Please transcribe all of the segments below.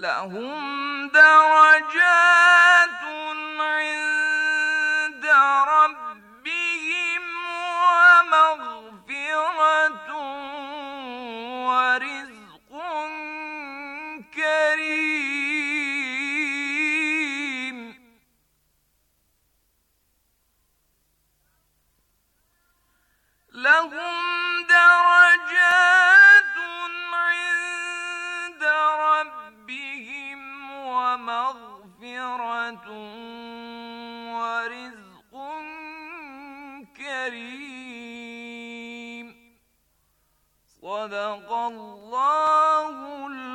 lahum darajat karim. Sadakallahu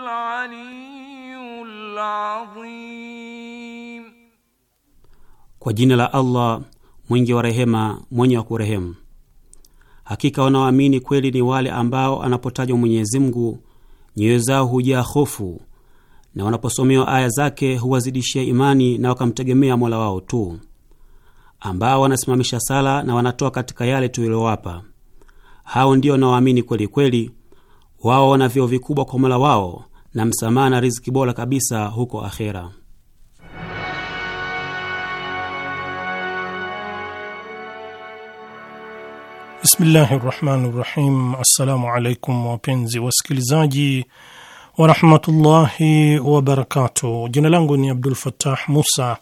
aliyyul azim. Kwa jina la Allah mwingi wa rehema, mwenye wa kurehemu. Hakika wanaoamini kweli ni wale ambao anapotajwa Mwenyezi Mungu nyoyo zao hujaa hofu na wanaposomewa aya zake huwazidishia imani na wakamtegemea Mola wao tu ambao wanasimamisha sala na wanatoa katika yale tuliyowapa. Hao ndio wanaoamini kweli kweli, wao wana vyeo vikubwa kwa Mola wao na msamaha na riziki bora kabisa huko akhera. Bismillahi rahmani rahim. Assalamu alaikum wapenzi wasikilizaji warahmatullahi wabarakatuh. Jina langu ni Abdul Fatah Musa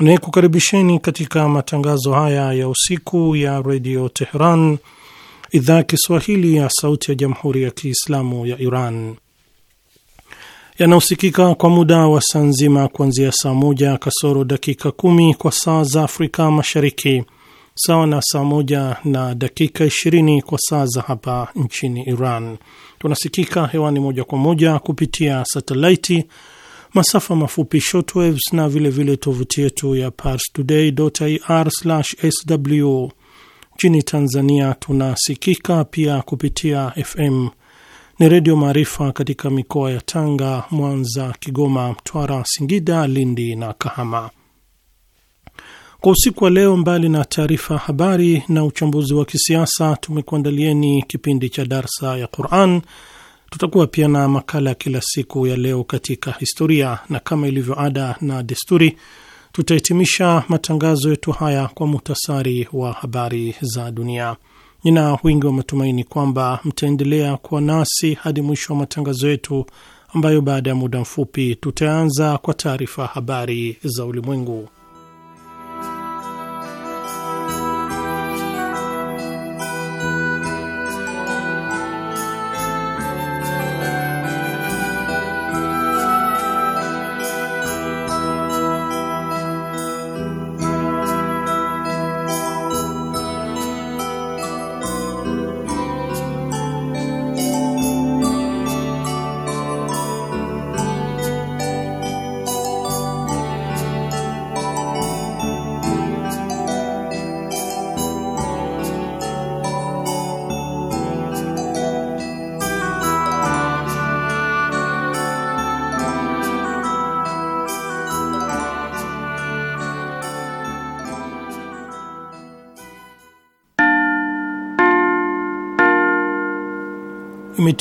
ni kukaribisheni katika matangazo haya ya usiku ya redio Teheran, idhaa ya Kiswahili ya sauti ya jamhuri ya Kiislamu ya Iran, yanaosikika kwa muda wa saa nzima kuanzia saa moja kasoro dakika kumi kwa saa za Afrika Mashariki, sawa na saa moja na dakika ishirini kwa saa za hapa nchini Iran. Tunasikika hewani moja kwa moja kupitia satelaiti masafa mafupi shortwaves na vilevile tovuti yetu ya parstoday.ir/sw. Nchini Tanzania tunasikika pia kupitia FM ni Redio Maarifa katika mikoa ya Tanga, Mwanza, Kigoma, Mtwara, Singida, Lindi na Kahama. Kwa usiku wa leo, mbali na taarifa habari na uchambuzi wa kisiasa, tumekuandalieni kipindi cha darsa ya Quran Tutakuwa pia na makala ya kila siku ya leo katika historia, na kama ilivyo ada na desturi, tutahitimisha matangazo yetu haya kwa muhtasari wa habari za dunia. Nina wingi wa matumaini kwamba mtaendelea kuwa nasi hadi mwisho wa matangazo yetu, ambayo baada ya muda mfupi tutaanza kwa taarifa habari za ulimwengu.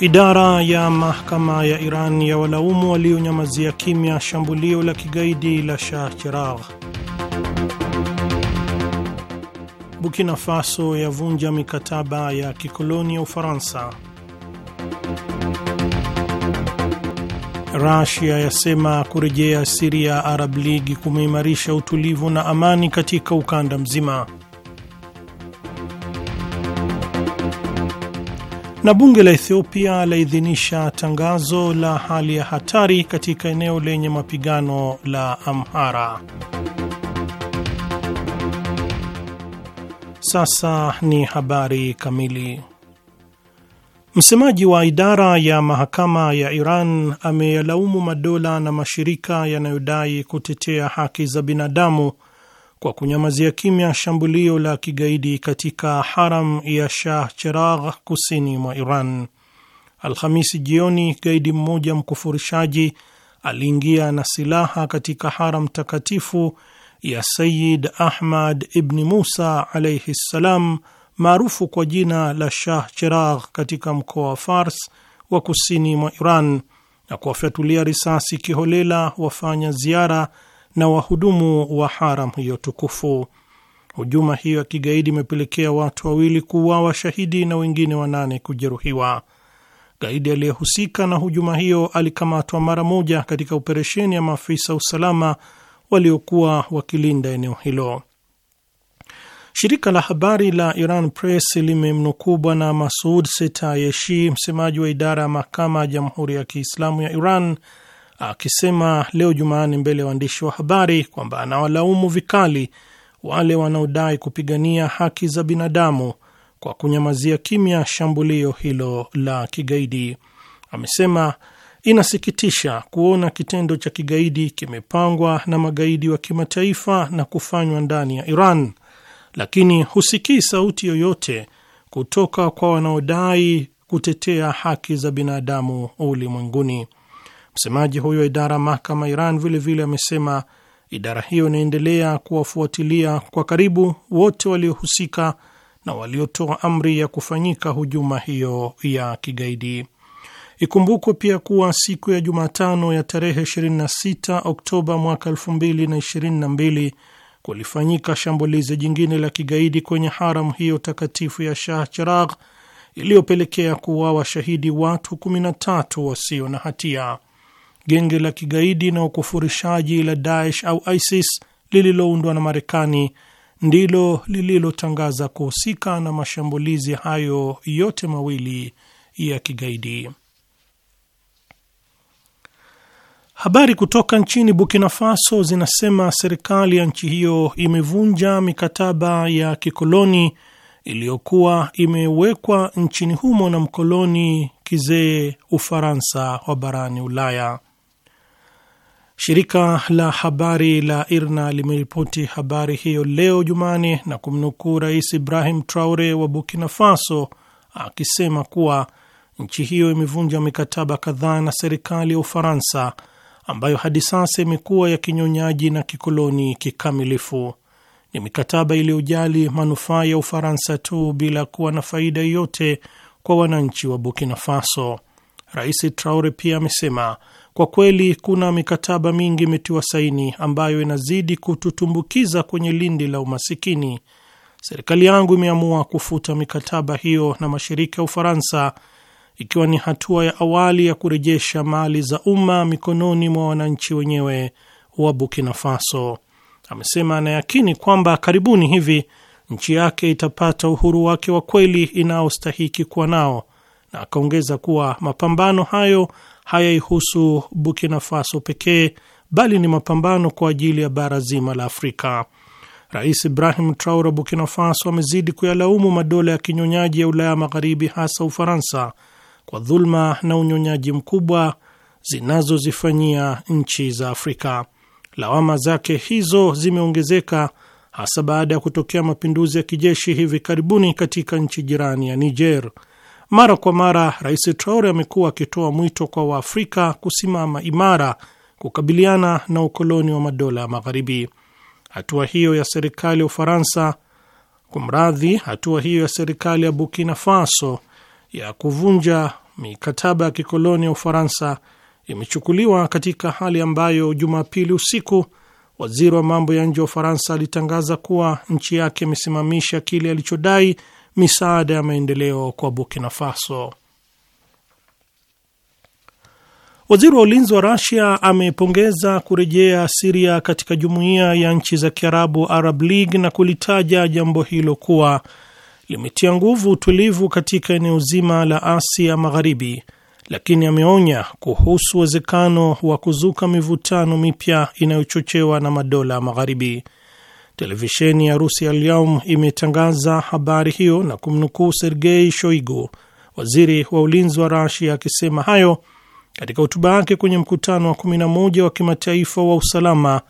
Idara ya mahakama ya Iran ya walaumu walionyamazia kimya shambulio la kigaidi la Shah Cheragh. Burkina Faso yavunja mikataba ya kikoloni ya Ufaransa. Russia yasema kurejea Syria Arab League kumeimarisha utulivu na amani katika ukanda mzima. Na bunge la Ethiopia laidhinisha tangazo la hali ya hatari katika eneo lenye mapigano la Amhara. Sasa ni habari kamili. Msemaji wa idara ya mahakama ya Iran ameyalaumu madola na mashirika yanayodai kutetea haki za binadamu kwa kunyamazia kimya shambulio la kigaidi katika haram ya Shah Cheragh kusini mwa Iran. Alhamisi jioni, gaidi mmoja mkufurishaji aliingia na silaha katika haram takatifu ya Sayid Ahmad ibni Musa alaihi ssalam, maarufu kwa jina la Shah Cheragh katika mkoa wa Fars wa kusini mwa Iran na kuwafyatulia risasi kiholela wafanya ziara na wahudumu wa haram hiyo tukufu. Hujuma hiyo ya kigaidi imepelekea watu wawili kuuawa shahidi na wengine wanane kujeruhiwa. Gaidi aliyehusika na hujuma hiyo alikamatwa mara moja katika operesheni ya maafisa usalama waliokuwa wakilinda eneo hilo. Shirika la habari la Iran Press limemnukuu Bwana Masud Setayeshi, msemaji wa idara ya mahakama ya Jamhuri ya Kiislamu ya Iran akisema leo Jumanne mbele ya waandishi wa habari kwamba anawalaumu vikali wale wanaodai kupigania haki za binadamu kwa kunyamazia kimya shambulio hilo la kigaidi. Amesema inasikitisha kuona kitendo cha kigaidi kimepangwa na magaidi wa kimataifa na kufanywa ndani ya Iran, lakini husikii sauti yoyote kutoka kwa wanaodai kutetea haki za binadamu ulimwenguni. Msemaji huyo wa idara ya mahakama Iran vilevile amesema vile idara hiyo inaendelea kuwafuatilia kwa karibu wote waliohusika na waliotoa amri ya kufanyika hujuma hiyo ya kigaidi. Ikumbukwe pia kuwa siku ya Jumatano ya tarehe 26 Oktoba mwaka 2022 kulifanyika shambulizi jingine la kigaidi kwenye haramu hiyo takatifu ya Shah Cheragh iliyopelekea kuwa washahidi watu 13 wasio na hatia genge la kigaidi na ukufurishaji la Daesh au ISIS lililoundwa na Marekani ndilo lililotangaza kuhusika na mashambulizi hayo yote mawili ya kigaidi. Habari kutoka nchini Burkina Faso zinasema serikali ya nchi hiyo imevunja mikataba ya kikoloni iliyokuwa imewekwa nchini humo na mkoloni kizee Ufaransa wa barani Ulaya. Shirika la habari la IRNA limeripoti habari hiyo leo Jumane na kumnukuu Rais Ibrahim Traore wa Burkina Faso akisema kuwa nchi hiyo imevunja mikataba kadhaa na serikali ya Ufaransa ambayo hadi sasa imekuwa ya kinyonyaji na kikoloni kikamilifu. Ni mikataba iliyojali manufaa ya Ufaransa tu bila kuwa na faida yoyote kwa wananchi wa Burkina Faso. Rais Traore pia amesema kwa kweli kuna mikataba mingi imetiwa saini ambayo inazidi kututumbukiza kwenye lindi la umasikini. Serikali yangu imeamua kufuta mikataba hiyo na mashirika ya Ufaransa, ikiwa ni hatua ya awali ya kurejesha mali za umma mikononi mwa wananchi wenyewe wa Burkina Faso. Amesema anayakini kwamba karibuni hivi nchi yake itapata uhuru wake wa kweli inaostahiki kuwa nao, na akaongeza kuwa mapambano hayo hayaihusu Burkina Faso pekee bali ni mapambano kwa ajili ya bara zima la Afrika. Rais Ibrahim Traore wa Burkina Faso amezidi kuyalaumu madola ya kinyonyaji ya Ulaya Magharibi, hasa Ufaransa, kwa dhuluma na unyonyaji mkubwa zinazozifanyia nchi za Afrika. Lawama zake hizo zimeongezeka hasa baada ya kutokea mapinduzi ya kijeshi hivi karibuni katika nchi jirani ya Niger. Mara kwa mara Rais Traore amekuwa akitoa mwito kwa Waafrika kusimama imara kukabiliana na ukoloni wa madola ya Magharibi. Hatua hiyo ya serikali ya Ufaransa, kumradhi, hatua hiyo ya serikali ya Burkina Faso ya kuvunja mikataba ya kikoloni ya Ufaransa imechukuliwa katika hali ambayo Jumapili usiku waziri wa mambo ya nje wa Ufaransa alitangaza kuwa nchi yake imesimamisha kile alichodai misaada ya maendeleo kwa Burkina Faso. Waziri wa ulinzi wa Rasia amepongeza kurejea Siria katika jumuiya ya nchi za Kiarabu, Arab League, na kulitaja jambo hilo kuwa limetia nguvu utulivu katika eneo zima la Asia Magharibi, lakini ameonya kuhusu uwezekano wa kuzuka mivutano mipya inayochochewa na madola magharibi. Televisheni ya rusi al imetangaza habari hiyo na kumnukuu Sergei Shoigu, waziri wa ulinzi wa Rasia, akisema hayo katika hotuba yake kwenye mkutano wa 11 wa kimataifa wa usalama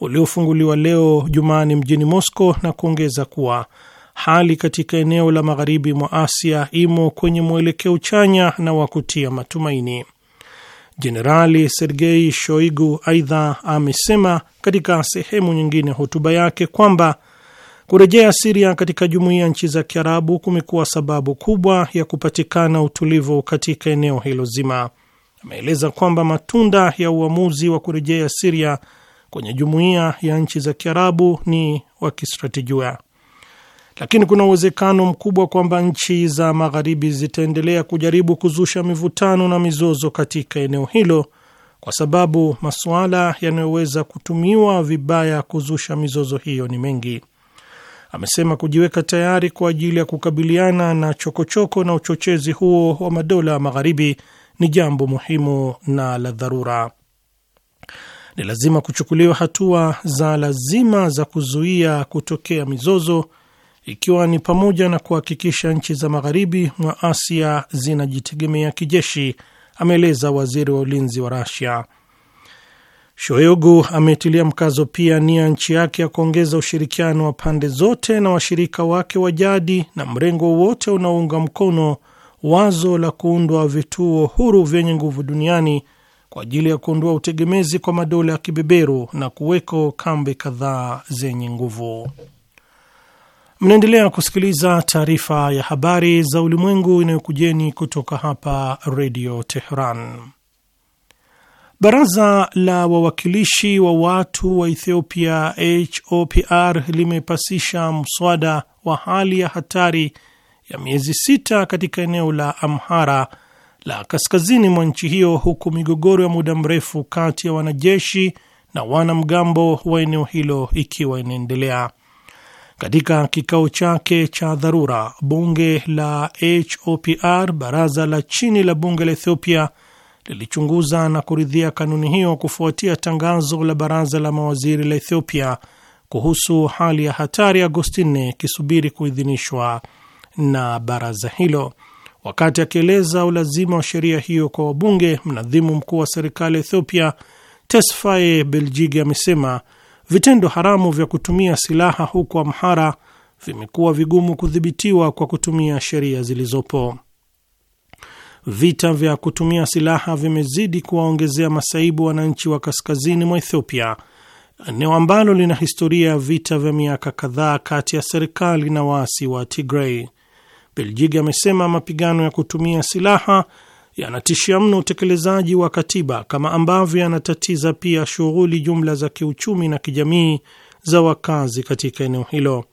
uliofunguliwa leo Jumani mjini Moscow, na kuongeza kuwa hali katika eneo la magharibi mwa Asia imo kwenye mwelekeo chanya na wa kutia matumaini. Jenerali Sergei Shoigu aidha amesema katika sehemu nyingine hotuba yake kwamba kurejea Siria katika jumuiya nchi za Kiarabu kumekuwa sababu kubwa ya kupatikana utulivu katika eneo hilo zima. Ameeleza kwamba matunda ya uamuzi wa kurejea Siria kwenye jumuiya ya nchi za Kiarabu ni wa kistratejia lakini kuna uwezekano mkubwa kwamba nchi za Magharibi zitaendelea kujaribu kuzusha mivutano na mizozo katika eneo hilo, kwa sababu masuala yanayoweza kutumiwa vibaya kuzusha mizozo hiyo ni mengi. Amesema kujiweka tayari kwa ajili ya kukabiliana na chokochoko choko na uchochezi huo wa madola ya Magharibi ni jambo muhimu na la dharura. Ni lazima kuchukuliwa hatua za lazima za kuzuia kutokea mizozo ikiwa ni pamoja na kuhakikisha nchi za magharibi mwa Asia zinajitegemea kijeshi, ameeleza waziri wa ulinzi wa Rasia. shoyogu ametilia mkazo pia nia nchi yake ya kuongeza ushirikiano wa pande zote na washirika wake wa jadi na mrengo wote unaounga mkono wazo la kuundwa vituo huru vyenye nguvu duniani kwa ajili ya kuondoa utegemezi kwa madola ya kibeberu na kuweko kambi kadhaa zenye nguvu. Mnaendelea kusikiliza taarifa ya habari za ulimwengu inayokujeni kutoka hapa Redio Teheran. Baraza la wawakilishi wa watu wa Ethiopia HOPR limepasisha mswada wa hali ya hatari ya miezi sita katika eneo la Amhara la kaskazini mwa nchi hiyo, huku migogoro ya muda mrefu kati ya wanajeshi na wanamgambo wa eneo hilo ikiwa inaendelea. Katika kikao chake cha dharura, bunge la HOPR, baraza la chini la bunge la Ethiopia, lilichunguza na kuridhia kanuni hiyo kufuatia tangazo la baraza la mawaziri la Ethiopia kuhusu hali ya hatari Agosti 4 ikisubiri kuidhinishwa na baraza hilo. Wakati akieleza ulazima wa sheria hiyo kwa wabunge, mnadhimu mkuu wa serikali ya Ethiopia Tesfaye Beljigi amesema Vitendo haramu vya kutumia silaha huko Amhara vimekuwa vigumu kudhibitiwa kwa kutumia sheria zilizopo. Vita vya kutumia silaha vimezidi kuwaongezea masaibu wananchi wa kaskazini mwa Ethiopia, eneo ambalo lina historia ya vita vya miaka kadhaa kati ya serikali na waasi wa Tigray. Beljiki amesema mapigano ya kutumia silaha yanatishia mno utekelezaji wa katiba kama ambavyo yanatatiza pia shughuli jumla za kiuchumi na kijamii za wakazi katika eneo hilo.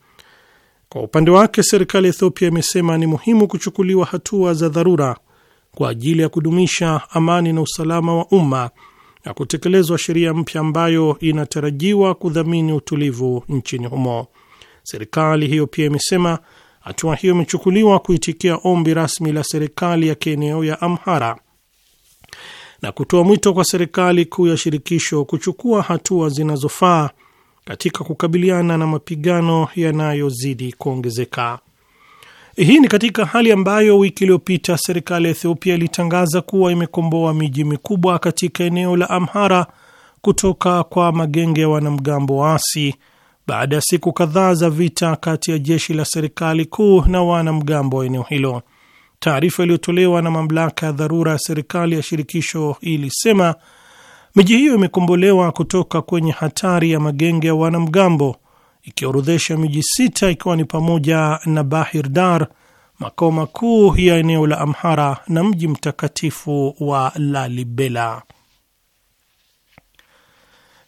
Kwa upande wake, serikali ya Ethiopia imesema ni muhimu kuchukuliwa hatua za dharura kwa ajili ya kudumisha amani na usalama wa umma na kutekelezwa sheria mpya ambayo inatarajiwa kudhamini utulivu nchini humo. Serikali hiyo pia imesema Hatua hiyo imechukuliwa kuitikia ombi rasmi la serikali ya kieneo ya Amhara na kutoa mwito kwa serikali kuu ya shirikisho kuchukua hatua zinazofaa katika kukabiliana na mapigano yanayozidi kuongezeka. Hii ni katika hali ambayo wiki iliyopita serikali ya Ethiopia ilitangaza kuwa imekomboa miji mikubwa katika eneo la Amhara kutoka kwa magenge ya wanamgambo waasi baada ya siku kadhaa za vita kati ya jeshi la serikali kuu na wanamgambo wa eneo hilo. Taarifa iliyotolewa na mamlaka ya dharura ya serikali ya shirikisho ilisema miji hiyo imekombolewa kutoka kwenye hatari ya magenge ya wanamgambo, ikiorodhesha miji sita ikiwa ni pamoja na Bahir Dar, makao makuu ya eneo la Amhara na mji mtakatifu wa Lalibela.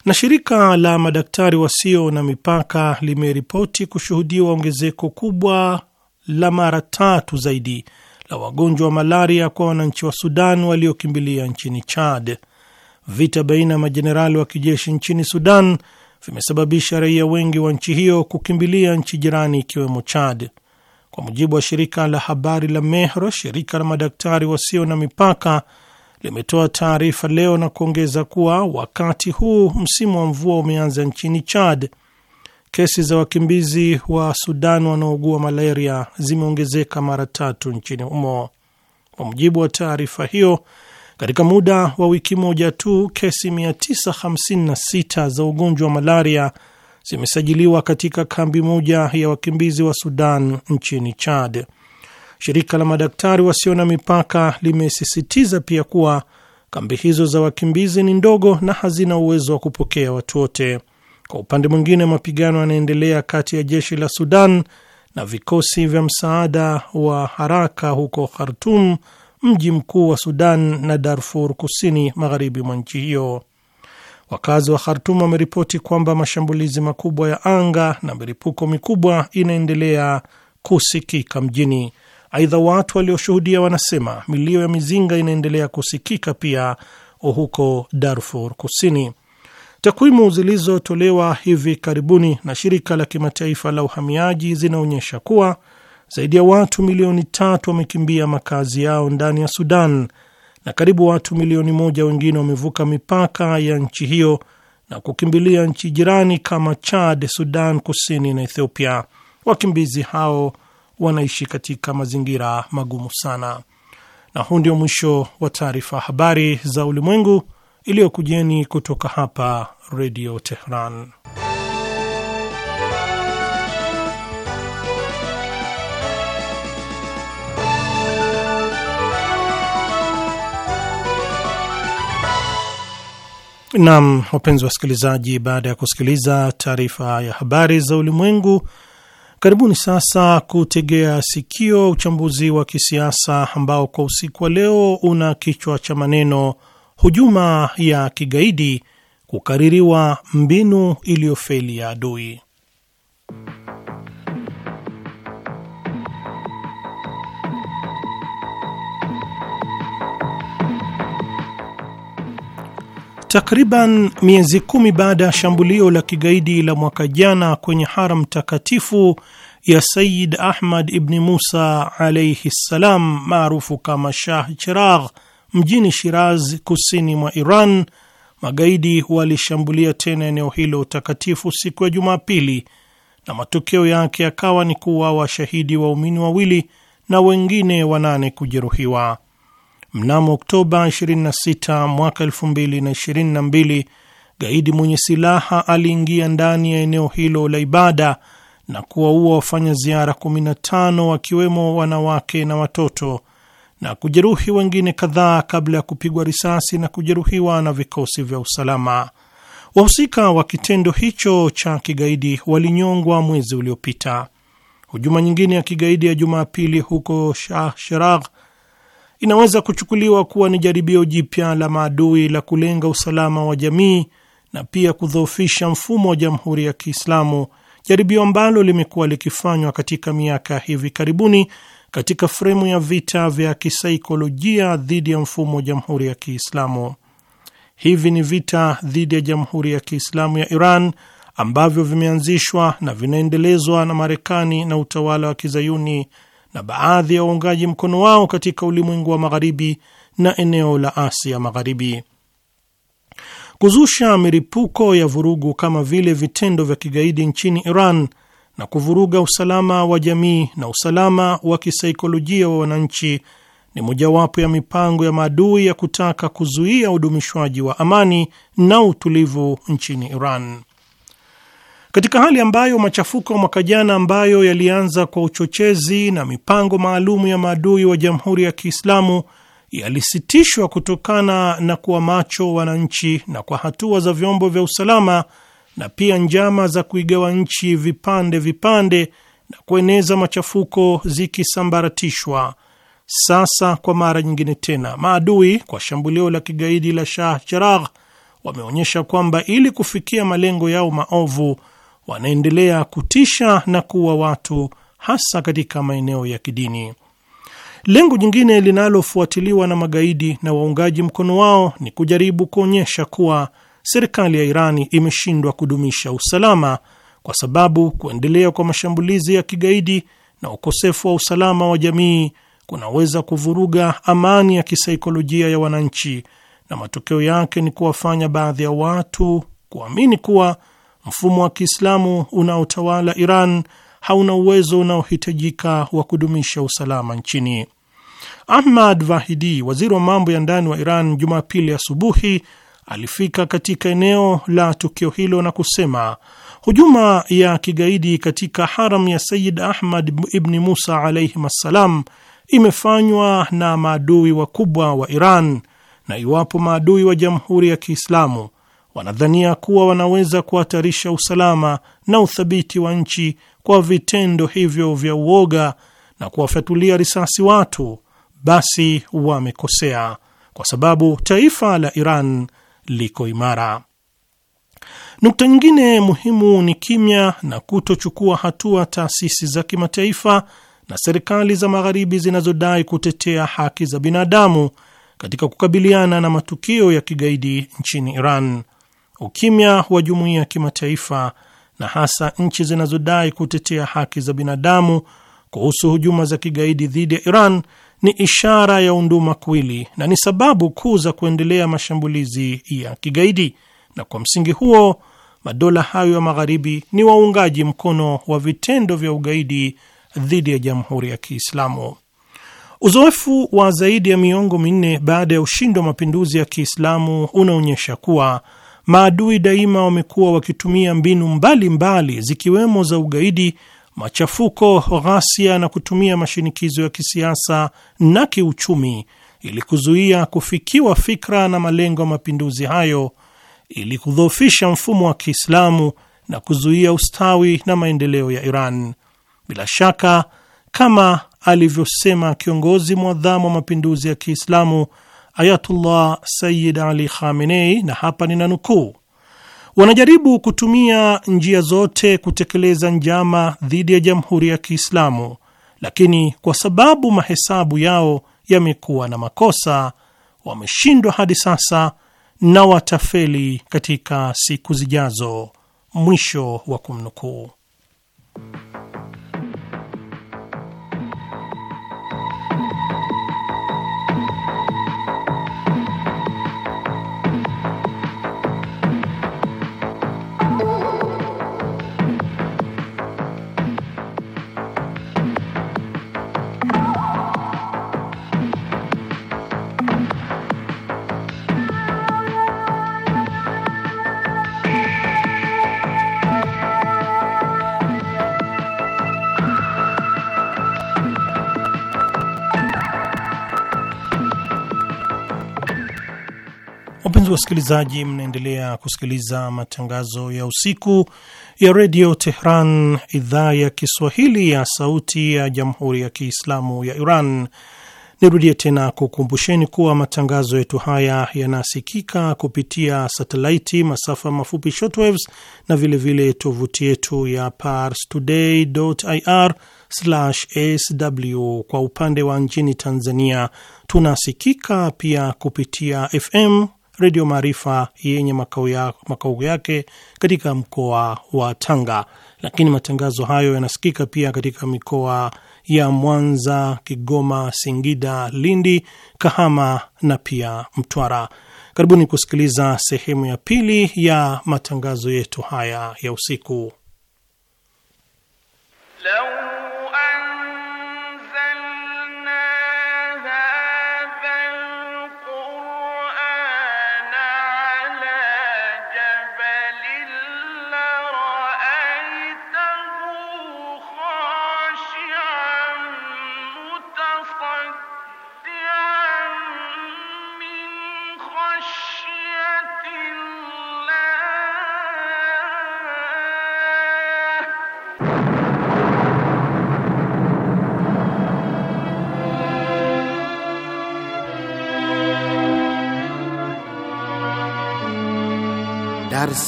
Na shirika la madaktari wasio na mipaka limeripoti kushuhudiwa ongezeko kubwa la mara tatu zaidi la wagonjwa wa malaria kwa wananchi wa Sudan waliokimbilia nchini Chad. Vita baina ya majenerali wa kijeshi nchini Sudan vimesababisha raia wengi wa nchi hiyo kukimbilia nchi jirani ikiwemo Chad. Kwa mujibu wa shirika la habari la Mehr, shirika la madaktari wasio na mipaka limetoa taarifa leo na kuongeza kuwa wakati huu msimu wa mvua umeanza nchini Chad, kesi za wakimbizi wa Sudan wanaogua malaria zimeongezeka mara tatu nchini humo. Kwa mujibu wa taarifa hiyo, katika muda wa wiki moja tu kesi 956 za ugonjwa wa malaria zimesajiliwa katika kambi moja ya wakimbizi wa Sudan nchini Chad. Shirika la madaktari wasio na mipaka limesisitiza pia kuwa kambi hizo za wakimbizi ni ndogo na hazina uwezo wa kupokea watu wote. Kwa upande mwingine, mapigano yanaendelea kati ya jeshi la Sudan na vikosi vya msaada wa haraka huko Khartum, mji mkuu wa Sudan, na Darfur kusini magharibi mwa nchi hiyo. Wakazi wa Khartum wameripoti kwamba mashambulizi makubwa ya anga na milipuko mikubwa inaendelea kusikika mjini. Aidha, watu walioshuhudia wanasema milio ya mizinga inaendelea kusikika pia huko Darfur Kusini. Takwimu zilizotolewa hivi karibuni na shirika la kimataifa la uhamiaji zinaonyesha kuwa zaidi ya watu milioni tatu wamekimbia makazi yao ndani ya Sudan na karibu watu milioni moja wengine wamevuka mipaka ya nchi hiyo na kukimbilia nchi jirani kama Chad, Sudan Kusini na Ethiopia. Wakimbizi hao wanaishi katika mazingira magumu sana. Na huu ndio mwisho wa taarifa habari za ulimwengu iliyokujeni kutoka hapa Redio Tehran. Naam, wapenzi wasikilizaji, baada ya kusikiliza taarifa ya habari za ulimwengu Karibuni sasa kutegea sikio uchambuzi wa kisiasa ambao kwa usiku wa leo una kichwa cha maneno hujuma ya kigaidi kukaririwa mbinu iliyofeli ya adui. Takriban miezi kumi baada ya shambulio la kigaidi la mwaka jana kwenye haram takatifu ya Sayid Ahmad Ibni Musa alaihi ssalam maarufu kama Shah Chiragh, mjini Shiraz, kusini mwa Iran, magaidi walishambulia tena eneo hilo takatifu siku ya Jumapili, na matokeo yake yakawa ni kuwa washahidi waumini wawili na wengine wanane kujeruhiwa. Mnamo Oktoba 26 mwaka 2022 gaidi mwenye silaha aliingia ndani ya eneo hilo la ibada na kuwaua wafanya ziara 15 wakiwemo wanawake na watoto na kujeruhi wengine kadhaa kabla ya kupigwa risasi na kujeruhiwa na vikosi vya usalama. Wahusika wa kitendo hicho cha kigaidi walinyongwa mwezi uliopita. Hujuma nyingine ya kigaidi ya Jumapili huko Shah Cheragh inaweza kuchukuliwa kuwa ni jaribio jipya la maadui la kulenga usalama wa jamii na pia kudhoofisha mfumo wa Jamhuri ya Kiislamu, jaribio ambalo limekuwa likifanywa katika miaka hivi karibuni katika fremu ya vita vya kisaikolojia dhidi ya mfumo wa Jamhuri ya Kiislamu. Hivi ni vita dhidi ya Jamhuri ya Kiislamu ya Iran ambavyo vimeanzishwa na vinaendelezwa na Marekani na utawala wa kizayuni na baadhi ya waungaji mkono wao katika ulimwengu wa magharibi na eneo la Asia Magharibi. Kuzusha miripuko ya vurugu kama vile vitendo vya kigaidi nchini Iran na kuvuruga usalama wa jamii na usalama wa kisaikolojia wa wananchi ni mojawapo ya mipango ya maadui ya kutaka kuzuia udumishwaji wa amani na utulivu nchini Iran katika hali ambayo machafuko ya mwaka jana ambayo yalianza kwa uchochezi na mipango maalumu ya maadui wa Jamhuri ya Kiislamu yalisitishwa kutokana na kuwa macho wananchi na kwa hatua za vyombo vya usalama na pia njama za kuigawa nchi vipande vipande na kueneza machafuko zikisambaratishwa. Sasa kwa mara nyingine tena, maadui kwa shambulio la kigaidi la Shah Cheragh wameonyesha kwamba ili kufikia malengo yao maovu wanaendelea kutisha na kuwa watu hasa katika maeneo ya kidini. Lengo jingine linalofuatiliwa na magaidi na waungaji mkono wao ni kujaribu kuonyesha kuwa serikali ya Irani imeshindwa kudumisha usalama, kwa sababu kuendelea kwa mashambulizi ya kigaidi na ukosefu wa usalama wa jamii kunaweza kuvuruga amani ya kisaikolojia ya wananchi, na matokeo yake ni kuwafanya baadhi ya watu kuamini kuwa mfumo wa Kiislamu unaotawala Iran hauna uwezo unaohitajika wa kudumisha usalama nchini. Ahmad Vahidi, waziri wa mambo ya ndani wa Iran, Jumapili asubuhi alifika katika eneo la tukio hilo na kusema hujuma ya kigaidi katika haram ya Sayid Ahmad ibni Musa alaihim assalam imefanywa na maadui wakubwa wa Iran, na iwapo maadui wa Jamhuri ya Kiislamu wanadhania kuwa wanaweza kuhatarisha usalama na uthabiti wa nchi kwa vitendo hivyo vya uoga na kuwafyatulia risasi watu, basi wamekosea, kwa sababu taifa la Iran liko imara. Nukta nyingine muhimu ni kimya na kutochukua hatua taasisi za kimataifa na serikali za magharibi zinazodai kutetea haki za binadamu katika kukabiliana na matukio ya kigaidi nchini Iran. Ukimya wa jumuiya ya kimataifa na hasa nchi zinazodai kutetea haki za binadamu kuhusu hujuma za kigaidi dhidi ya Iran ni ishara ya unduma kwili na ni sababu kuu za kuendelea mashambulizi ya kigaidi, na kwa msingi huo madola hayo ya magharibi ni waungaji mkono wa vitendo vya ugaidi dhidi ya Jamhuri ya Kiislamu. Uzoefu wa zaidi ya miongo minne baada ya ushindi wa mapinduzi ya Kiislamu unaonyesha kuwa maadui daima wamekuwa wakitumia mbinu mbalimbali mbali, zikiwemo za ugaidi, machafuko, ghasia na kutumia mashinikizo ya kisiasa na kiuchumi ili kuzuia kufikiwa fikra na malengo ya mapinduzi hayo ili kudhoofisha mfumo wa Kiislamu na kuzuia ustawi na maendeleo ya Iran. Bila shaka, kama alivyosema kiongozi mwadhamu wa mapinduzi ya Kiislamu Ayatullah Sayyid Ali Khamenei, na hapa nina nukuu, wanajaribu kutumia njia zote kutekeleza njama dhidi ya Jamhuri ya Kiislamu, lakini kwa sababu mahesabu yao yamekuwa na makosa, wameshindwa hadi sasa na watafeli katika siku zijazo. Mwisho wa kumnukuu. Wapenzi wasikilizaji, mnaendelea kusikiliza matangazo ya usiku ya redio Tehran, idhaa ya Kiswahili ya sauti ya jamhuri ya Kiislamu ya Iran. Nirudie tena kukumbusheni kuwa matangazo yetu haya yanasikika kupitia satelaiti, masafa mafupi shortwaves, na vilevile tovuti yetu ya pars ir sw Kwa upande wa nchini Tanzania tunasikika pia kupitia FM Redio Maarifa yenye makao ya, yake katika mkoa wa Tanga, lakini matangazo hayo yanasikika pia katika mikoa ya Mwanza, Kigoma, Singida, Lindi, Kahama na pia Mtwara. Karibuni kusikiliza sehemu ya pili ya matangazo yetu haya ya usiku Leo.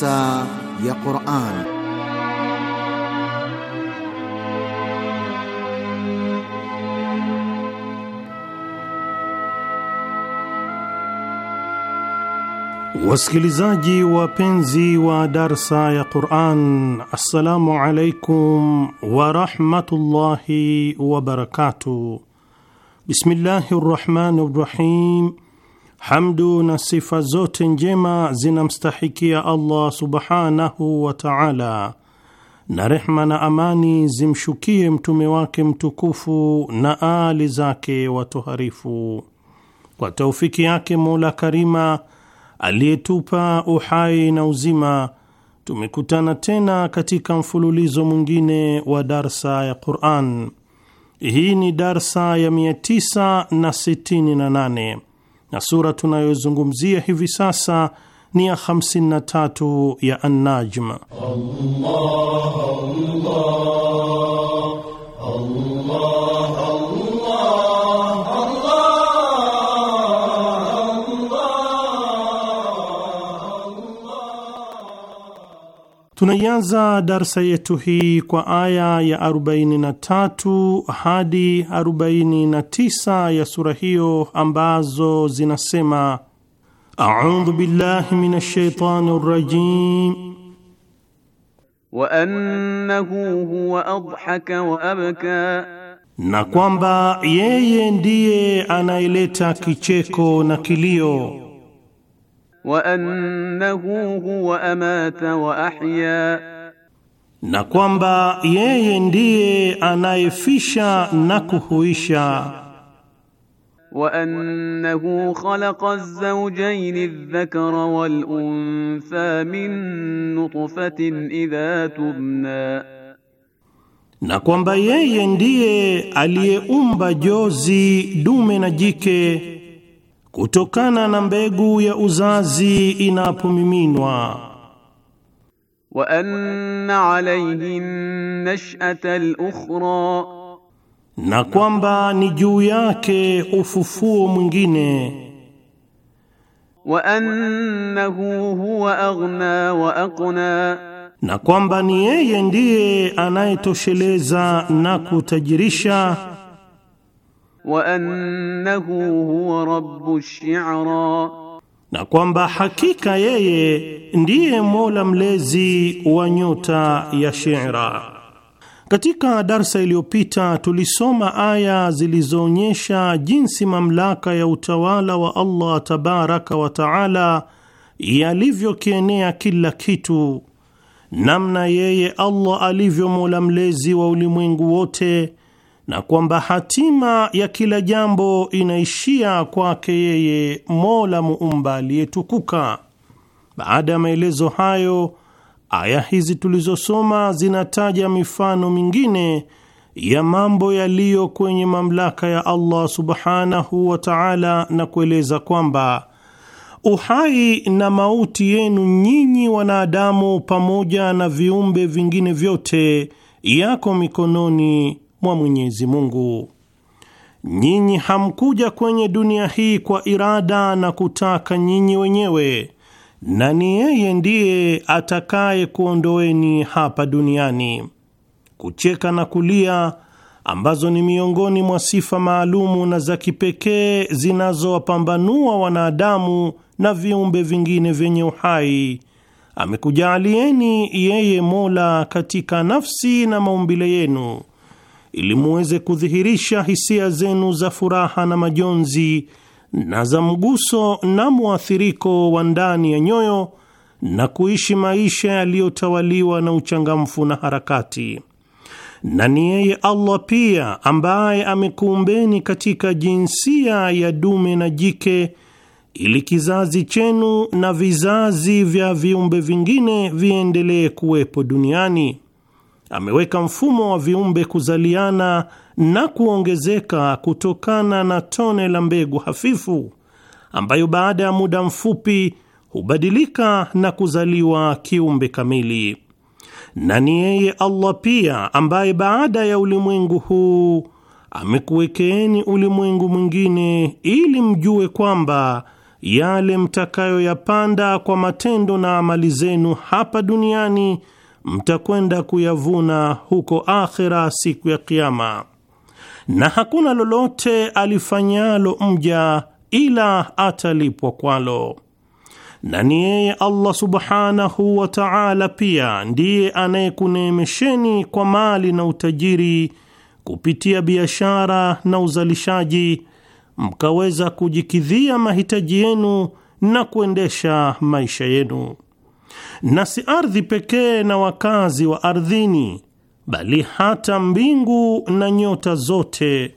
دراسة يا قرآن Wasikilizaji wapenzi wa darsa ya Quran, assalamu alaikum wa rahmatullahi wa wabarakatuh. Bismillahi rahmani rahim Hamdu na sifa zote njema zinamstahikia Allah subhanahu wa ta'ala, na rehma na amani zimshukie mtume wake mtukufu na aali zake watoharifu. Kwa taufiki yake Mola Karima aliyetupa uhai na uzima, tumekutana tena katika mfululizo mwingine wa darsa ya Qur'an. Hii ni darsa ya 968 na sura tunayozungumzia hivi sasa ni ya 53 ya An-Najm. Allah, Allah. Tunaianza darsa yetu hii kwa aya ya 43 hadi 49 ya sura hiyo ambazo zinasema: audhu billahi minash shaitani rajim wa annahu huwa adhaka wa abka, na kwamba yeye ndiye anayeleta kicheko na kilio wa annahu huwa amata wa ahya, na kwamba yeye ndiye anayefisha na kuhuisha. Wa annahu khalaqa az-zawjayn adh-dhakara wal-untha min nutfatin idha tubna, na kwamba yeye ndiye aliyeumba jozi dume na jike kutokana na mbegu ya uzazi inapomiminwa. wa anna alayhim nash'ata al-ukhra, na kwamba ni juu yake ufufuo mwingine. wa annahu huwa aghna wa aqna, na kwamba ni yeye ndiye anayetosheleza na kutajirisha wa annahu huwa rabbu shi'ra, na kwamba hakika yeye ndiye mola mlezi wa nyota ya Shira. Katika darsa iliyopita tulisoma aya zilizoonyesha jinsi mamlaka ya utawala wa Allah tabaraka wa taala yalivyokienea kila kitu, namna yeye Allah alivyo mola mlezi wa ulimwengu wote na kwamba hatima ya kila jambo inaishia kwake yeye Mola muumba aliyetukuka. Baada ya maelezo hayo, aya hizi tulizosoma zinataja mifano mingine ya mambo yaliyo kwenye mamlaka ya Allah subhanahu wa ta'ala, na kueleza kwamba uhai na mauti yenu nyinyi wanadamu pamoja na viumbe vingine vyote yako mikononi mwa Mwenyezi Mungu. Nyinyi hamkuja kwenye dunia hii kwa irada na kutaka nyinyi wenyewe, na ni yeye ndiye atakaye kuondoeni hapa duniani. Kucheka na kulia ambazo ni miongoni mwa sifa maalumu na za kipekee zinazowapambanua wanadamu na viumbe vingine vyenye uhai, amekujaalieni yeye Mola katika nafsi na maumbile yenu ili muweze kudhihirisha hisia zenu za furaha na majonzi na za mguso na mwathiriko wa ndani ya nyoyo na kuishi maisha yaliyotawaliwa na uchangamfu na harakati. Na ni yeye Allah pia ambaye amekuumbeni katika jinsia ya dume na jike ili kizazi chenu na vizazi vya viumbe vingine viendelee kuwepo duniani ameweka mfumo wa viumbe kuzaliana na kuongezeka kutokana na tone la mbegu hafifu ambayo baada ya muda mfupi hubadilika na kuzaliwa kiumbe kamili, na ni yeye Allah pia ambaye baada ya ulimwengu huu amekuwekeeni ulimwengu mwingine ili mjue kwamba yale mtakayoyapanda kwa matendo na amali zenu hapa duniani mtakwenda kuyavuna huko akhera siku ya Kiama, na hakuna lolote alifanyalo mja ila atalipwa kwalo, na ni yeye Allah subhanahu wa ta'ala pia ndiye anayekuneemesheni kwa mali na utajiri kupitia biashara na uzalishaji, mkaweza kujikidhia mahitaji yenu na kuendesha maisha yenu na si ardhi pekee na wakazi wa ardhini, bali hata mbingu na nyota zote,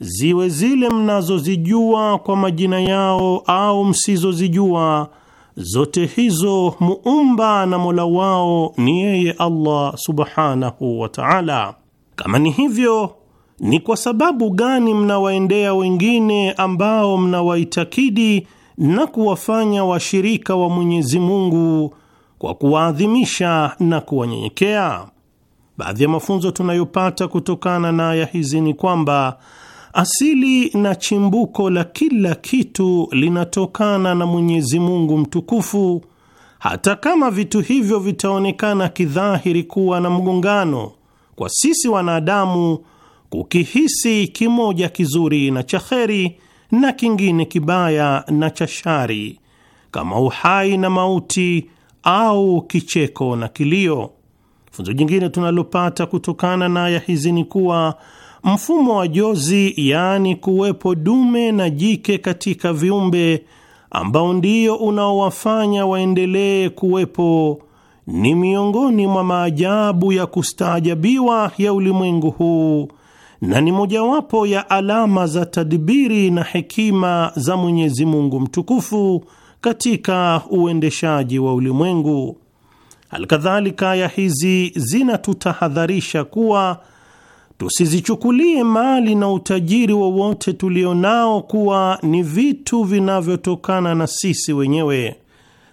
ziwe zile mnazozijua kwa majina yao au msizozijua, zote hizo muumba na mola wao ni yeye Allah subhanahu wa ta'ala. Kama ni hivyo, ni kwa sababu gani mnawaendea wengine ambao mnawaitakidi na kuwafanya washirika wa Mwenyezi Mungu kwa kuwaadhimisha na kuwanyenyekea? Baadhi ya mafunzo tunayopata kutokana na aya hizi ni kwamba asili na chimbuko la kila kitu linatokana na Mwenyezi Mungu mtukufu, hata kama vitu hivyo vitaonekana kidhahiri kuwa na mgongano kwa sisi wanadamu kukihisi kimoja kizuri na cha kheri na kingine kibaya na cha shari, kama uhai na mauti, au kicheko na kilio. Funzo jingine tunalopata kutokana na aya hizi ni kuwa mfumo wa jozi, yaani kuwepo dume na jike katika viumbe, ambao ndio unaowafanya waendelee kuwepo, ni miongoni mwa maajabu ya kustaajabiwa ya ulimwengu huu na ni mojawapo ya alama za tadbiri na hekima za Mwenyezi Mungu mtukufu katika uendeshaji wa ulimwengu. Alkadhalika, aya hizi zinatutahadharisha kuwa tusizichukulie mali na utajiri wowote tulio nao kuwa ni vitu vinavyotokana na sisi wenyewe,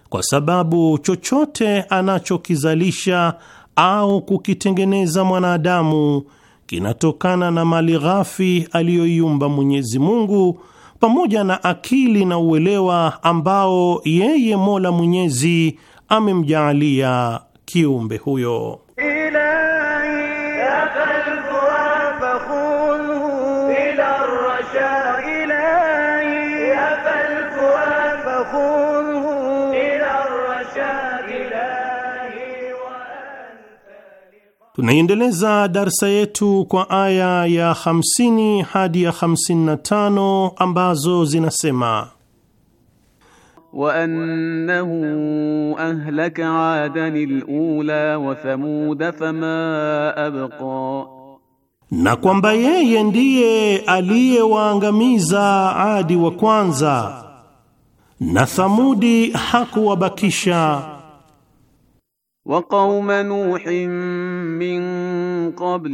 kwa sababu chochote anachokizalisha au kukitengeneza mwanadamu kinatokana na mali ghafi aliyoiumba Mwenyezi Mungu pamoja na akili na uelewa ambao yeye Mola Mwenyezi amemjaalia kiumbe huyo Ila. Tunaiendeleza darsa yetu kwa aya ya 50 hadi ya 55 ambazo zinasema وأنه أهلك عادا الأولى وثمود فما أبقى na kwamba yeye ndiye aliyewaangamiza Adi wa kwanza na Thamudi hakuwabakisha wa qauma nuhin min qabl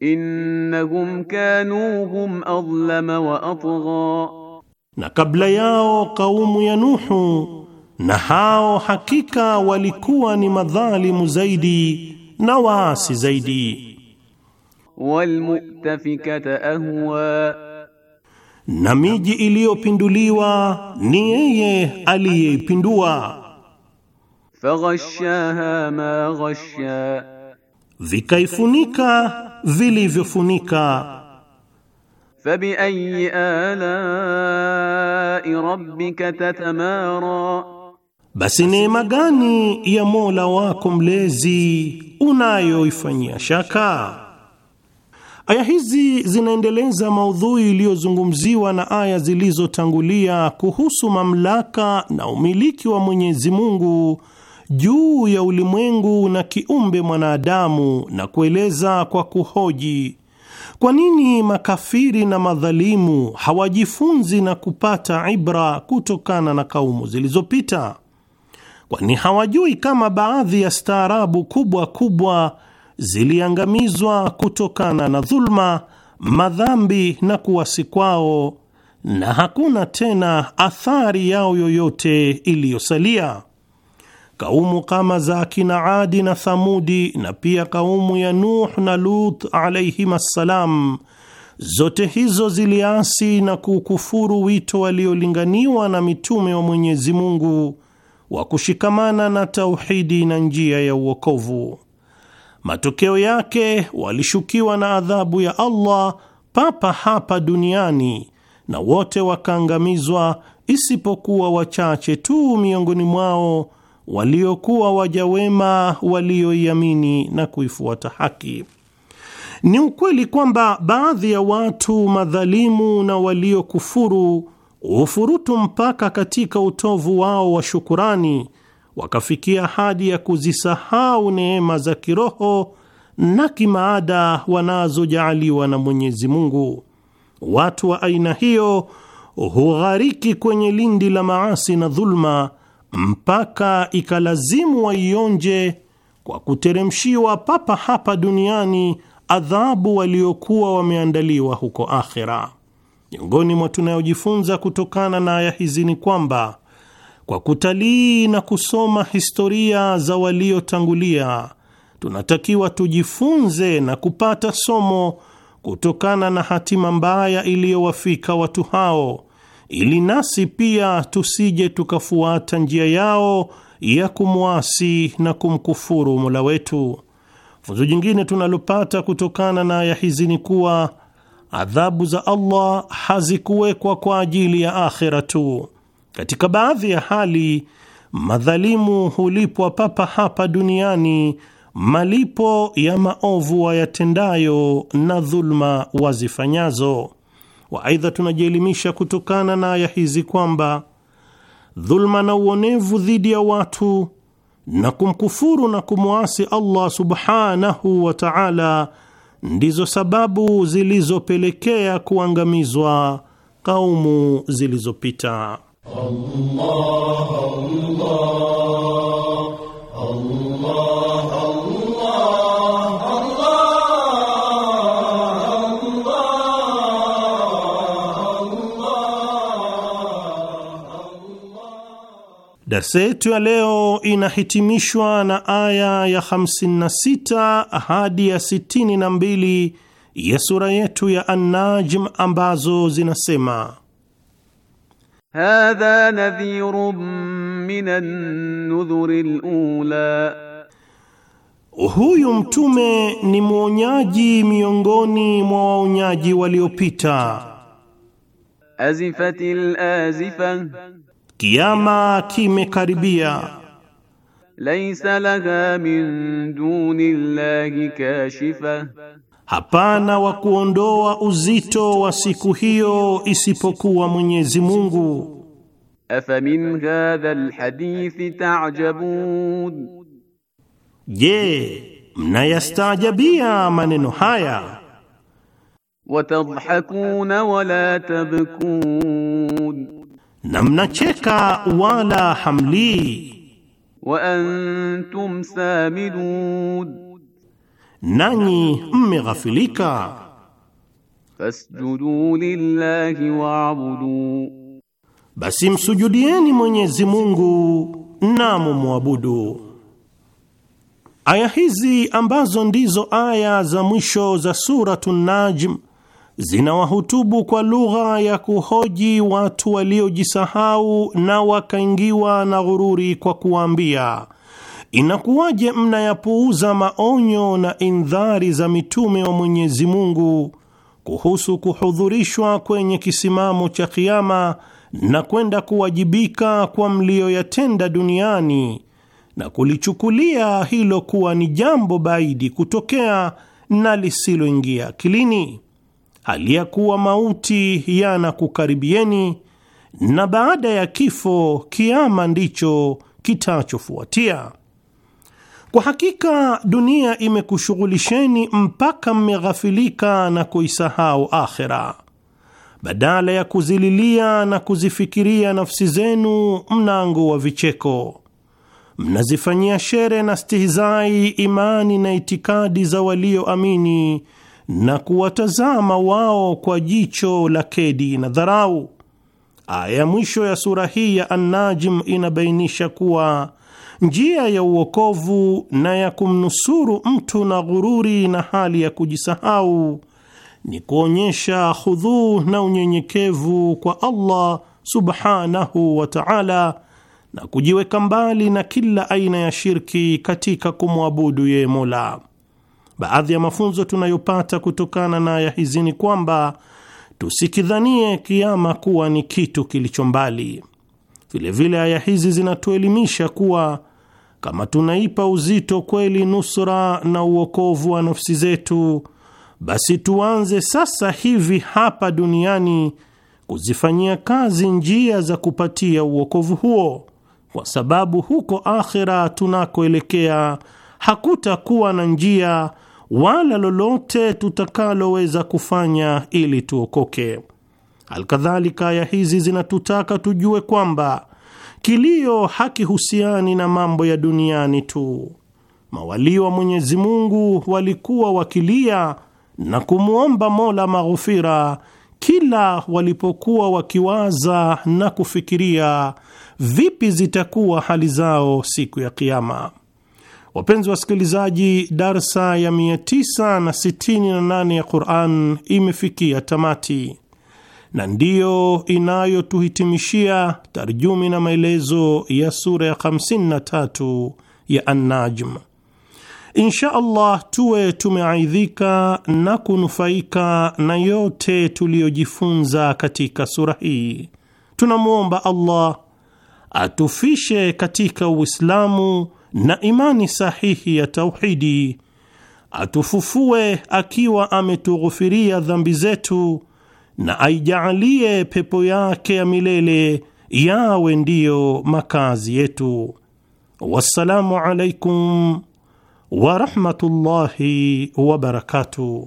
innahum kanu hum adhlama wa atgha, na kabla yao kaumu ya Nuhu, na hao hakika walikuwa ni madhalimu zaidi na waasi zaidi. Walmutafikata ahwa, na miji iliyopinduliwa ni yeye aliyeipindua faghashaha ma ghasha, vikaifunika vilivyofunika. Fabi ayi alai rabbika tatamara, basi neema gani ya Mola wako mlezi unayoifanyia shaka? Aya hizi zinaendeleza maudhui iliyozungumziwa na aya zilizotangulia kuhusu mamlaka na umiliki wa Mwenyezi Mungu juu ya ulimwengu na kiumbe mwanadamu na kueleza kwa kuhoji, kwa nini makafiri na madhalimu hawajifunzi na kupata ibra kutokana na kaumu zilizopita? Kwani hawajui kama baadhi ya staarabu kubwa kubwa ziliangamizwa kutokana na dhulma, madhambi na kuwasi kwao, na hakuna tena athari yao yoyote iliyosalia kaumu kama za akina Adi na Thamudi na pia kaumu ya Nuh na Lut alayhim assalam, zote hizo ziliasi na kuukufuru wito waliolinganiwa na mitume wa Mwenyezi Mungu wa kushikamana na tauhidi na njia ya uokovu. Matokeo yake walishukiwa na adhabu ya Allah papa hapa duniani na wote wakaangamizwa isipokuwa wachache tu miongoni mwao waliokuwa waja wema walioiamini na kuifuata haki. Ni ukweli kwamba baadhi ya watu madhalimu na waliokufuru hufurutu mpaka katika utovu wao wa shukurani, wakafikia hadi ya kuzisahau neema za kiroho na kimaada wanazojaaliwa na Mwenyezi Mungu. Watu wa aina hiyo hughariki kwenye lindi la maasi na dhuluma mpaka ikalazimu waionje kwa kuteremshiwa papa hapa duniani adhabu waliokuwa wameandaliwa huko akhera. Miongoni mwa tunayojifunza kutokana na aya hizi ni kwamba kwa kutalii na kusoma historia za waliotangulia, tunatakiwa tujifunze na kupata somo kutokana na hatima mbaya iliyowafika watu hao ili nasi pia tusije tukafuata njia yao ya kumwasi na kumkufuru Mola wetu. Funzo jingine tunalopata kutokana na aya hizi ni kuwa adhabu za Allah hazikuwekwa kwa ajili ya akhera tu. Katika baadhi ya hali, madhalimu hulipwa papa hapa duniani malipo ya maovu wayatendayo na dhulma wazifanyazo wa. Aidha, tunajielimisha kutokana na aya hizi kwamba dhulma na uonevu dhidi ya watu na kumkufuru na kumwasi Allah subhanahu wa ta'ala ndizo sababu zilizopelekea kuangamizwa kaumu zilizopita. Allah, Allah. Darsa yetu ya leo inahitimishwa na aya ya 56 hadi ya 62 ya sura yetu ya An-Najm ambazo zinasema: hadha nadhirun minan al ula, huyu mtume ni mwonyaji miongoni mwa waonyaji waliopita. azifatil azifa Kiama kimekaribia. Laysa laha min duni llahi kashifa, hapana wa kuondoa uzito wa siku hiyo isipokuwa Mwenyezi Mungu. Afa min hadha alhadith taajabun, je, mnayastaajabia maneno haya? Watadhakuna wala tabkun na mnacheka wala hamlii. Wa antum samidun, nanyi mmeghafilika. Fasjudu lillahi wa'budu, basi msujudieni Mwenyezi Mungu na mumwabudu. Aya hizi ambazo ndizo aya za mwisho za Suratun Najm zinawahutubu kwa lugha ya kuhoji watu waliojisahau na wakaingiwa na ghururi kwa kuwaambia, inakuwaje mnayapuuza maonyo na indhari za mitume wa Mwenyezi Mungu kuhusu kuhudhurishwa kwenye kisimamo cha Kiama na kwenda kuwajibika kwa mliyoyatenda duniani na kulichukulia hilo kuwa ni jambo baidi kutokea na lisiloingia akilini hali ya kuwa mauti yanakukaribieni na baada ya kifo kiama ndicho kitachofuatia. Kwa hakika dunia imekushughulisheni mpaka mmeghafilika na kuisahau akhera. Badala ya kuzililia na kuzifikiria nafsi zenu, mnango wa vicheko, mnazifanyia shere na stihizai imani na itikadi za walioamini na kuwatazama wao kwa jicho la kedi na dharau. Aya ya mwisho ya sura hii ya Annajim inabainisha kuwa njia ya uokovu na ya kumnusuru mtu na ghururi na hali ya kujisahau ni kuonyesha hudhuu na unyenyekevu kwa Allah subhanahu wa ta'ala, na kujiweka mbali na kila aina ya shirki katika kumwabudu yeye Mola. Baadhi ya mafunzo tunayopata kutokana na aya hizi ni kwamba tusikidhanie kiama kuwa ni kitu kilicho mbali. Vilevile aya hizi zinatuelimisha kuwa kama tunaipa uzito kweli nusra na uokovu wa nafsi zetu, basi tuanze sasa hivi hapa duniani kuzifanyia kazi njia za kupatia uokovu huo, kwa sababu huko akhera tunakoelekea hakutakuwa na njia wala lolote tutakaloweza kufanya ili tuokoke. Alkadhalika, aya hizi zinatutaka tujue kwamba kilio hakihusiani na mambo ya duniani tu. Mawalio wa Mwenyezi Mungu walikuwa wakilia na kumwomba Mola maghufira kila walipokuwa wakiwaza na kufikiria vipi zitakuwa hali zao siku ya Kiama. Wapenzi wasikilizaji, darsa ya 968 ya Quran imefikia tamati na ndiyo inayotuhitimishia tarjumi na maelezo ya sura ya 53 ya An-Najm. Insha Allah tuwe tumeaidhika na kunufaika na yote tuliyojifunza katika sura hii. Tunamwomba Allah atufishe katika Uislamu na imani sahihi ya tauhidi, atufufue akiwa ametughufiria dhambi zetu na aijaalie pepo yake ya milele yawe ndiyo makazi yetu. Wassalamu alaikum warahmatullahi wabarakatuh.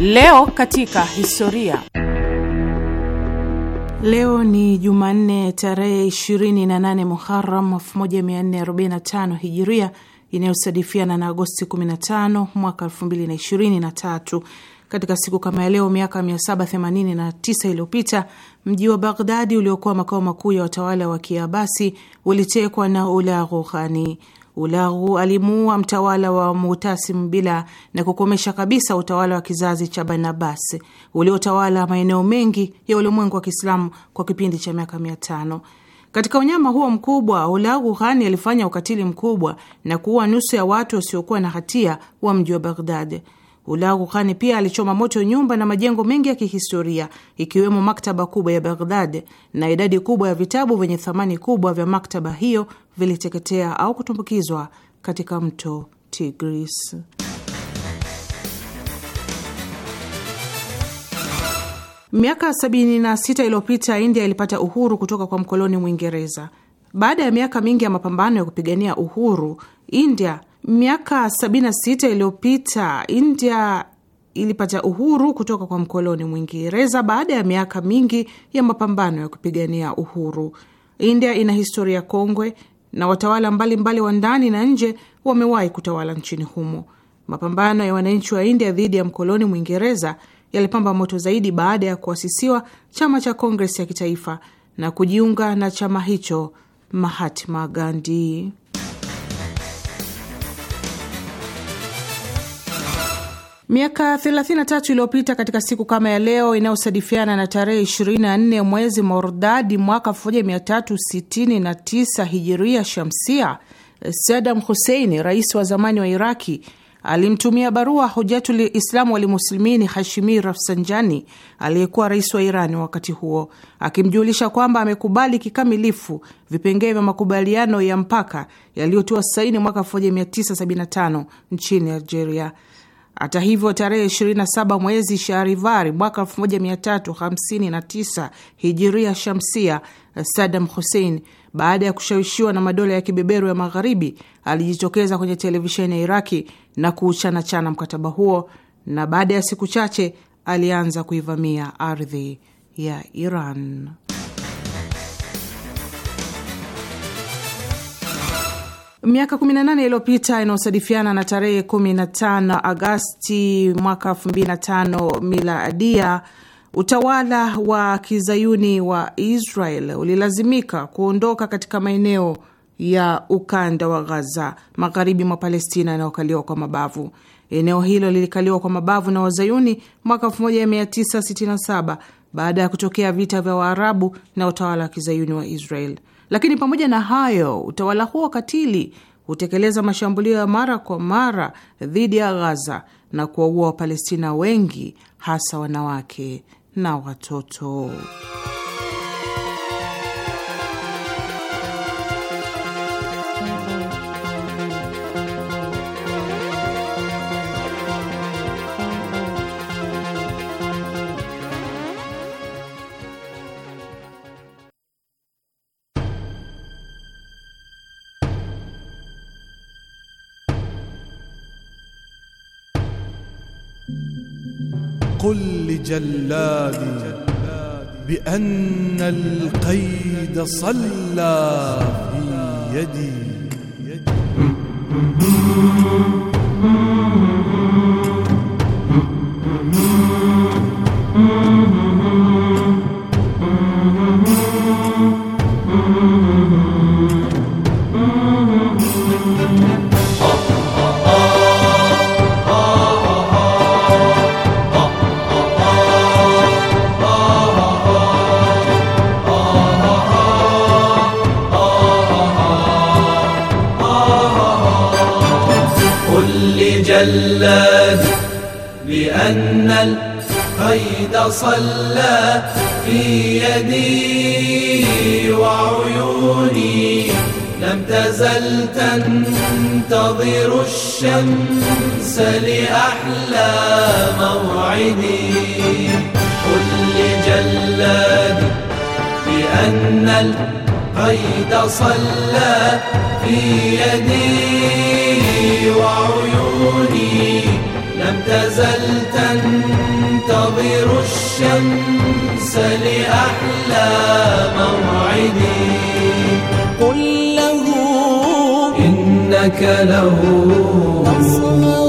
Leo katika historia. Leo ni Jumanne tarehe 28 Muharam 1445 Hijiria, inayosadifiana na Agosti 15 mwaka 2023. Katika siku kama ya leo miaka 789 iliyopita mji wa Baghdadi uliokuwa makao makuu ya watawala wa Kiabasi ulitekwa na Ula Rughani. Ulaghu alimuua mtawala wa Mutasim bila na kukomesha kabisa utawala wa kizazi cha Banabas uliotawala maeneo mengi ya ulimwengu wa Kiislamu kwa kipindi cha miaka mia tano. Katika unyama huo mkubwa, Ulaghu Ghani alifanya ukatili mkubwa na kuua nusu ya watu wasiokuwa na hatia wa mji wa Baghdad. Ulaghu hani pia alichoma moto nyumba na majengo mengi ya kihistoria ikiwemo maktaba kubwa ya Baghdad na idadi kubwa ya vitabu vyenye thamani kubwa vya maktaba hiyo viliteketea au kutumbukizwa katika mto Tigris. Miaka 76 iliyopita India ilipata uhuru kutoka kwa mkoloni Mwingereza. Baada ya miaka mingi ya mapambano ya kupigania uhuru India, miaka 76 iliyopita India ilipata uhuru kutoka kwa mkoloni Mwingereza baada ya miaka mingi ya mapambano ya kupigania uhuru. India ina historia kongwe na watawala mbalimbali wa ndani na nje wamewahi kutawala nchini humo. Mapambano ya wananchi wa India dhidi ya mkoloni Mwingereza yalipamba moto zaidi baada ya kuasisiwa chama cha kongres ya Kitaifa na kujiunga na chama hicho Mahatma Gandhi. Miaka 33 iliyopita katika siku kama ya leo inayosadifiana na tarehe 24 mwezi Mordadi mwaka 1369 hijiria shamsia, sadam Hussein, rais wa zamani wa Iraki, alimtumia barua Hujatul Islamu Walimuslimini Hashimi Rafsanjani aliyekuwa rais wa Irani wakati huo akimjulisha kwamba amekubali kikamilifu vipengee vya makubaliano ya mpaka yaliyotiwa saini mwaka 1975 nchini Algeria. Hata hivyo, tarehe 27 mwezi sharivari mwaka 1359 hijiria shamsia, Saddam Hussein baada ya kushawishiwa na madola ya kibeberu ya magharibi alijitokeza kwenye televisheni ya Iraki na kuuchanachana mkataba huo, na baada ya siku chache alianza kuivamia ardhi ya Iran. miaka 18 iliyopita inayosadifiana na tarehe 15 Agasti mwaka 2005 miladia, utawala wa kizayuni wa Israel ulilazimika kuondoka katika maeneo ya ukanda wa Ghaza magharibi mwa Palestina yanayokaliwa kwa mabavu. Eneo hilo lilikaliwa kwa mabavu na wazayuni mwaka 1967 baada ya kutokea vita vya Waarabu na utawala wa kizayuni wa Israel. Lakini pamoja na hayo, utawala huo katili hutekeleza mashambulio ya mara kwa mara dhidi ya Ghaza na kuwaua Wapalestina wengi, hasa wanawake na watoto. قل لجلادي بأن القيد صلى في يدي سلي لأحلى موعدي قل لجلادي لأن القيد صلى في يدي وعيوني لم تزل تنتظر الشمس لأحلى موعدي قل له إنك له نصر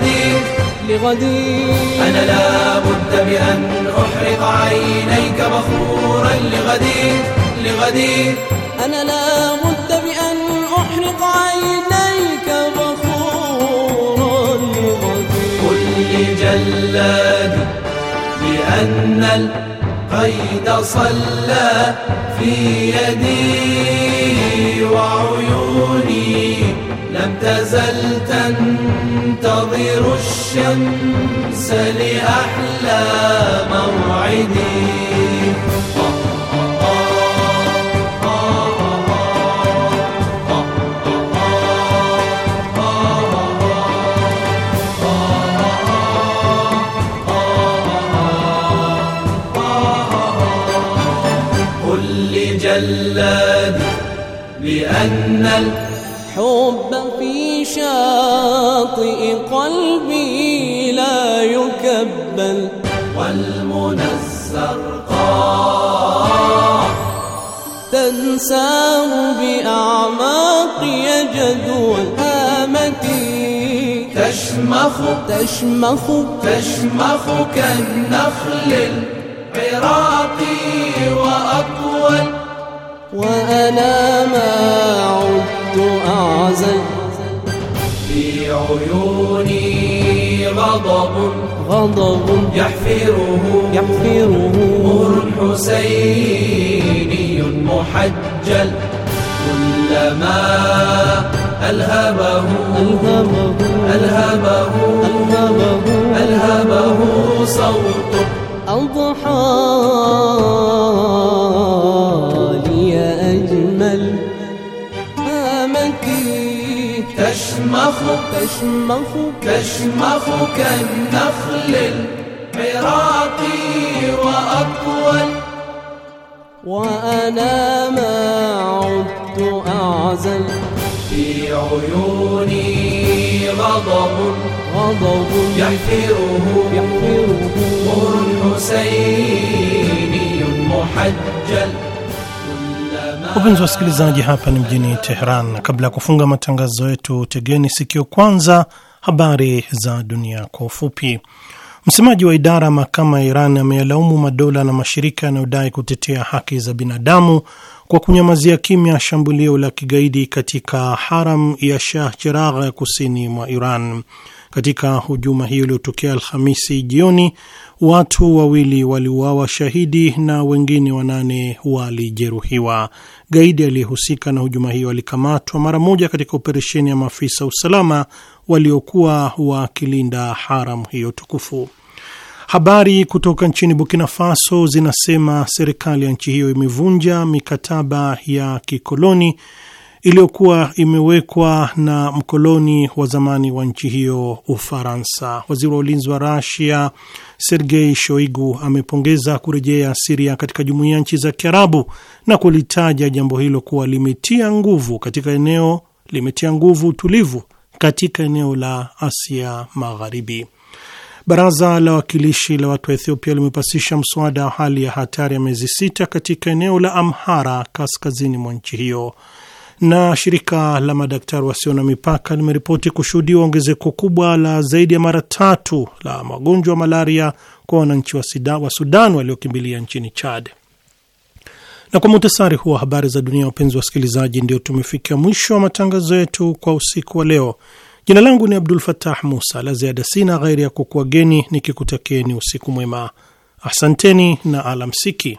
لغدي لغدي أنا لا بد بأن أحرق عينيك بخورا لغدي لغدي أنا لا بد بأن أحرق عينيك بخورا لغدي قل لي جلادي لأن القيد صلى في يدي وعيوني لم تزل تنتظر الشمس لأحلى موعدي قل لجلادي بأن خاطئ قلبي لا يكبل والمنزر تنساه بأعماقي جدوى هامتي تشمخ تشمخ تشمخ كالنخل العراقي وأطول وأنا ما عدت أعزل عيوني غضب غضب يحفره يحفره نور حسيني محجل كلما ألهمه ألهمه ألهمه ألهمه, ألهمه صوت أضحى تشمخ تشمخ تشمخ كالنخل العراقي وأطول وأنا ما عدت أعزل في عيوني غضب غضب يحفره يحفره حسيني محجل Wapenzi wasikilizaji, hapa ni mjini Teheran, kabla ya kufunga matangazo yetu, tegeni sikio kwanza habari za dunia kwa ufupi. Msemaji wa idara ya mahakama ya Iran ameyalaumu madola na mashirika yanayodai kutetea haki za binadamu kwa kunyamazia kimya shambulio la kigaidi katika haram ya Shah Cheragh ya kusini mwa Iran. Katika hujuma hiyo iliyotokea Alhamisi jioni, watu wawili waliuawa shahidi na wengine wanane walijeruhiwa. Gaidi aliyehusika na hujuma hiyo alikamatwa mara moja katika operesheni ya maafisa usalama waliokuwa wakilinda haramu hiyo tukufu. Habari kutoka nchini Burkina Faso zinasema serikali ya nchi hiyo imevunja mikataba ya kikoloni iliyokuwa imewekwa na mkoloni wa zamani wa nchi hiyo Ufaransa. Waziri wa ulinzi wa Rasia Sergei Shoigu amepongeza kurejea Siria katika jumuiya nchi za Kiarabu na kulitaja jambo hilo kuwa limetia nguvu katika eneo limetia nguvu utulivu katika eneo la Asia Magharibi. Baraza la wakilishi la watu wa Ethiopia limepasisha mswada wa hali ya hatari ya miezi sita katika eneo la Amhara kaskazini mwa nchi hiyo. Na shirika la madaktari wasio na mipaka limeripoti kushuhudiwa ongezeko kubwa la zaidi ya mara tatu la magonjwa malaria kwa wananchi wa Sudan waliokimbilia nchini Chad. Na kwa muhtasari huo habari za dunia, wapenzi wa wasikilizaji, ndio tumefikia mwisho wa matangazo yetu kwa usiku wa leo. Jina langu ni Abdul Fatah Musa. La ziada sina ghairi ya kukuageni nikikutakieni usiku mwema. Asanteni na alamsiki.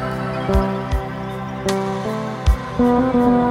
Música